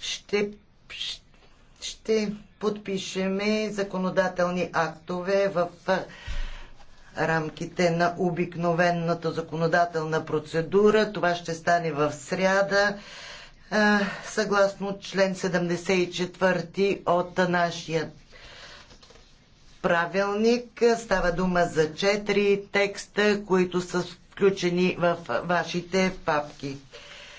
ще, ще подпишеме законодателни актове в рамките на обикновената законодателна процедура. Това ще стане в сряда, съгласно член 74 от нашия правилник. Става дума за четири текста, които са включени в вашите папки.